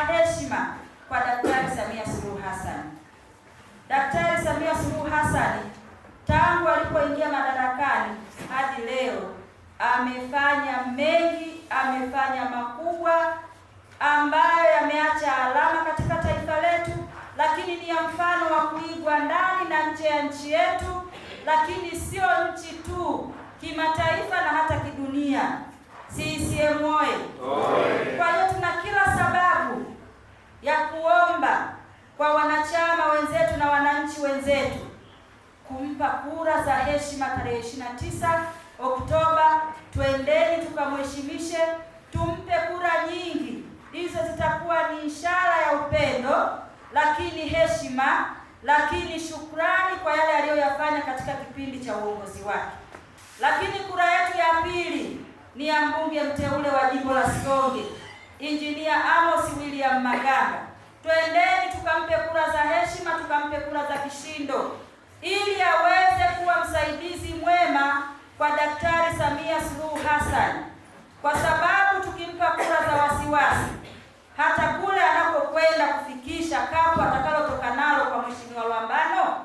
heshima kwa Daktari Samia Suluhu Hassan. Daktari Samia Suluhu Hassan tangu alipoingia madarakani hadi leo amefanya mengi, amefanya makubwa ambayo yameacha alama katika taifa letu, lakini ni ya mfano wa kuigwa ndani na nje ya nchi yetu, lakini sio nchi tu, kimataifa na hata kidunia. CCM oyee! kumpa kura za heshima tarehe 29 Oktoba. Twendeni tukamheshimishe, tumpe kura nyingi, hizo zitakuwa ni ishara ya upendo, lakini heshima, lakini shukrani kwa yale aliyoyafanya katika kipindi cha uongozi wake. Lakini kura yetu ya pili ni ya mbunge mteule wa jimbo la Sikonge, Injinia Amos William Maganga. Twendeni tukampe kura za heshima, tukampe kura za kishindo ili aweze kuwa msaidizi mwema kwa Daktari Samia Suluhu Hassan, kwa sababu tukimpa kura za wasiwasi, hata kule anapokwenda kufikisha kapu atakalotoka nalo kwa Mheshimiwa Lwambano,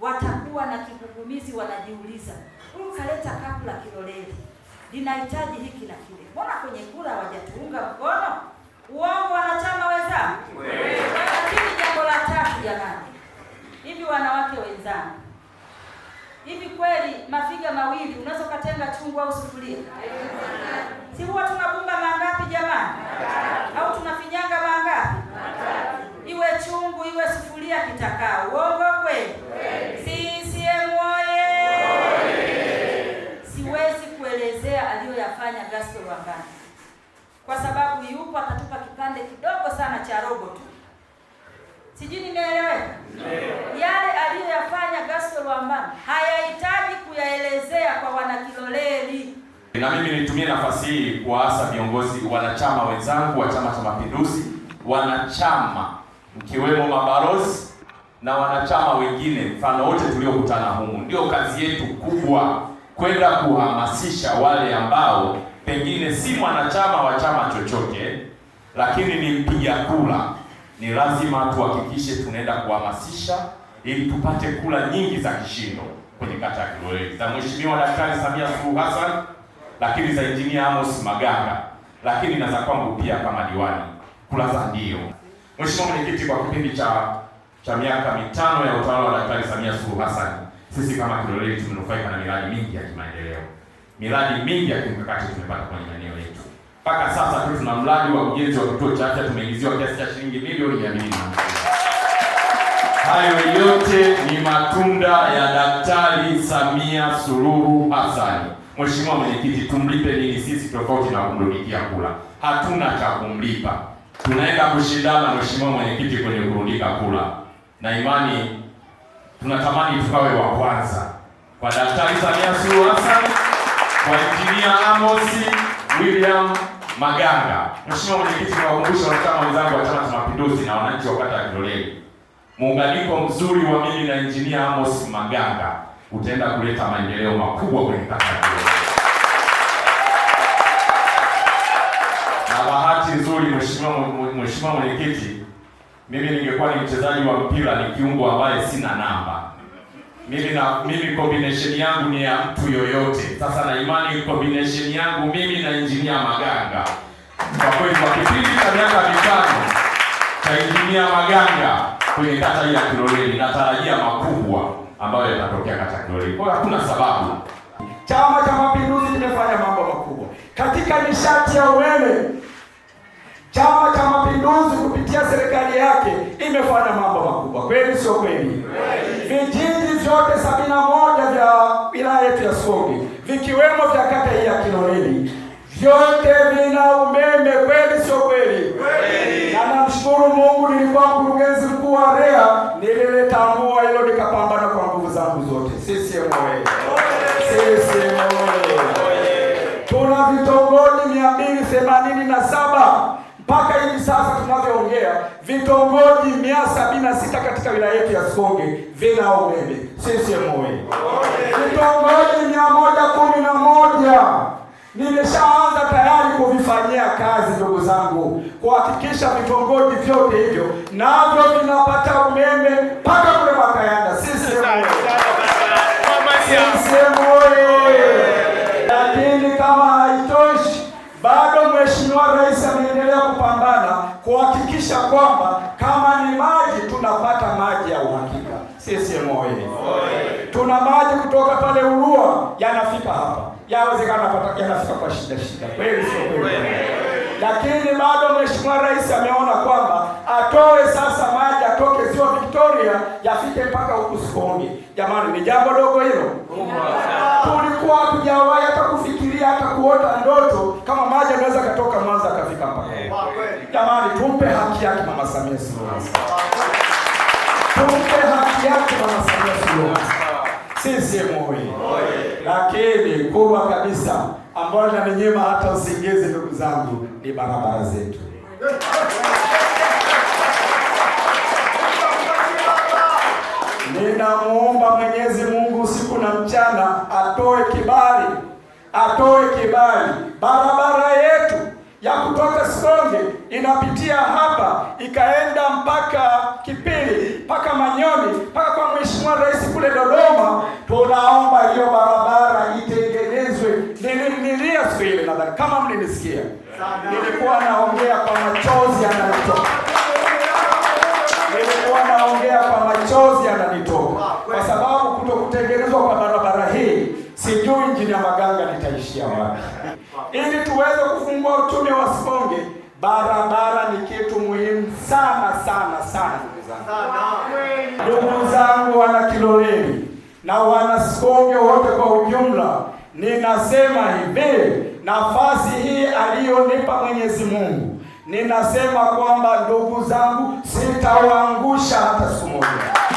watakuwa na kigugumizi, wanajiuliza huyu kaleta kapu la Kiloleli, linahitaji hiki na kile, mbona kwenye kura hawajatuunga mkono? Uongo wanachama wenzangu. Lakini jambo la tatu jamani, hivi wanawake kweli mafiga mawili unaweza ukatenga chungu au sufuria? Si huwa tunabumba mangapi jamani? Au tunafinyanga mangapi? Iwe chungu iwe sufuria kitakaa. Uongo kweli? CCM oye! Siwezi kuelezea aliyoyafanya Gaspel kwa sababu yupo, atatupa kipande kidogo sana cha robo tu. Sijui nimeeleweka? Yale aliyoyafanya Gaspel haya wana Kiloleli. Na mimi nitumie nafasi hii kuwaasa viongozi wanachama wenzangu wa Chama cha Mapinduzi, wanachama mkiwemo mabalozi na wanachama wengine, mfano wote tuliokutana humu, ndio kazi yetu kubwa kwenda kuhamasisha wale ambao pengine si mwanachama wa chama chochote, lakini ni mpiga kula. Ni lazima tuhakikishe tunaenda kuhamasisha ili tupate kula nyingi za kishindo kwenye kata ya za Mheshimiwa Daktari Samia Suluhu Hassan, lakini za Injinia Amos Maganga, lakini na za kwangu pia kama diwani kula za ndio. Mheshimiwa Mwenyekiti, kwa kipindi cha cha miaka mitano ya utawala wa Daktari Samia Suluhu Hassan, sisi kama Kiloleli tumenufaika na miradi mingi ya kimaendeleo, miradi mingi ya kimkakati tumepata kwenye maeneo yetu. Mpaka sasa tu tuna mradi wa ujenzi wa kituo cha afya tumeingiziwa kiasi cha shilingi milioni mia mbili Hayo yote ni matunda ya Daktari Samia Suluhu Hassan. Mheshimiwa Mwenyekiti, tumlipe nini sisi tofauti na kumrudikia kula? Hatuna cha kumlipa. Tunaenda kushindana Mheshimiwa Mwenyekiti kwenye kurundika kula, na imani tunatamani tukawe wa kwanza kwa Daktari Samia Suluhu Hassan, kwa Injinia Amos William Maganga. Mheshimiwa Mwenyekiti, nawakumbusha wanachama wenzangu wa Chama cha Mapinduzi na wananchi wa kata ya muunganiko mzuri wa mimi na Injinia Amos Maganga utaenda kuleta maendeleo makubwa kwenye Tanzania. Na bahati nzuri, mheshimiwa mheshimiwa mwenyekiti, mimi ningekuwa ni mchezaji wa mpira, ni kiungo ambaye sina namba mimi na mimi combination yangu ni ya mtu yoyote. Sasa na imani combination yangu mimi na Injinia Maganga, kwa kweli, kwa kipindi cha miaka mitano cha Injinia Maganga kwenye kata hii ya Kiloleni, natarajia makubwa ambayo yatatokea kata Kiloleni. Kwa hiyo hakuna sababu. Chama cha Mapinduzi kimefanya mambo makubwa katika nishati ya umeme. Chama cha Mapinduzi kupitia serikali yake imefanya mambo makubwa kweli, sio kweli? Vijiji vyote sabini na moja vya wilaya yetu ya Songwe vikiwemo vya kata hii ya Kiloleni themanini na saba mpaka hivi sasa tunavyoongea vitongoji mia sabini na sita katika wilaya yetu ya Sikonge vina umeme Sisi oye. Vitongoji mia moja kumi na moja nimeshaanza tayari kuvifanyia kazi, ndugu zangu, kuhakikisha vitongoji vyote hivyo navyo vinapata umeme mpaka kule Makayanda sisiemu kuhakikisha kwamba kama ni maji tunapata maji ya uhakika. CCM oyee! Tuna maji kutoka pale Urua yanafika hapa, yawezekana yanafika kwa shida shida, kweli sio kweli? Lakini bado Mheshimiwa Rais ameona kwamba atoe sasa maji atoke Ziwa Victoria yafike mpaka huku Sikonge. Jamani, ni jambo dogo hilo? Tulikuwa hatujawahi hata kufikiria hata kuota ndoto kama maji anaweza katoka Jamani, tumpe haki yake mama Samia Suluhu Hassan, tumpe haki yake mama Samia Suluhu Hassan. Sisi moyo. lakini kubwa kabisa ambayo nyema hata usingizi ndugu zangu ni barabara zetu. Ninamuomba Mwenyezi Mungu usiku na mchana atoe kibali, atoe kibali inapitia hapa ikaenda mpaka Kipili mpaka Manyoni mpaka kwa Mheshimiwa Rais kule Dodoma. Tunaomba hiyo barabara itengenezwe. Nilimlilia siku ile, nadhani kama mlinisikia, nilikuwa na sana sana sana, ndugu zangu wana Kiloleli na wana Sikonge wote kwa ujumla, ninasema hivi, nafasi hii aliyonipa Mwenyezi Mungu, ninasema kwamba ndugu zangu, sitawaangusha hata siku moja.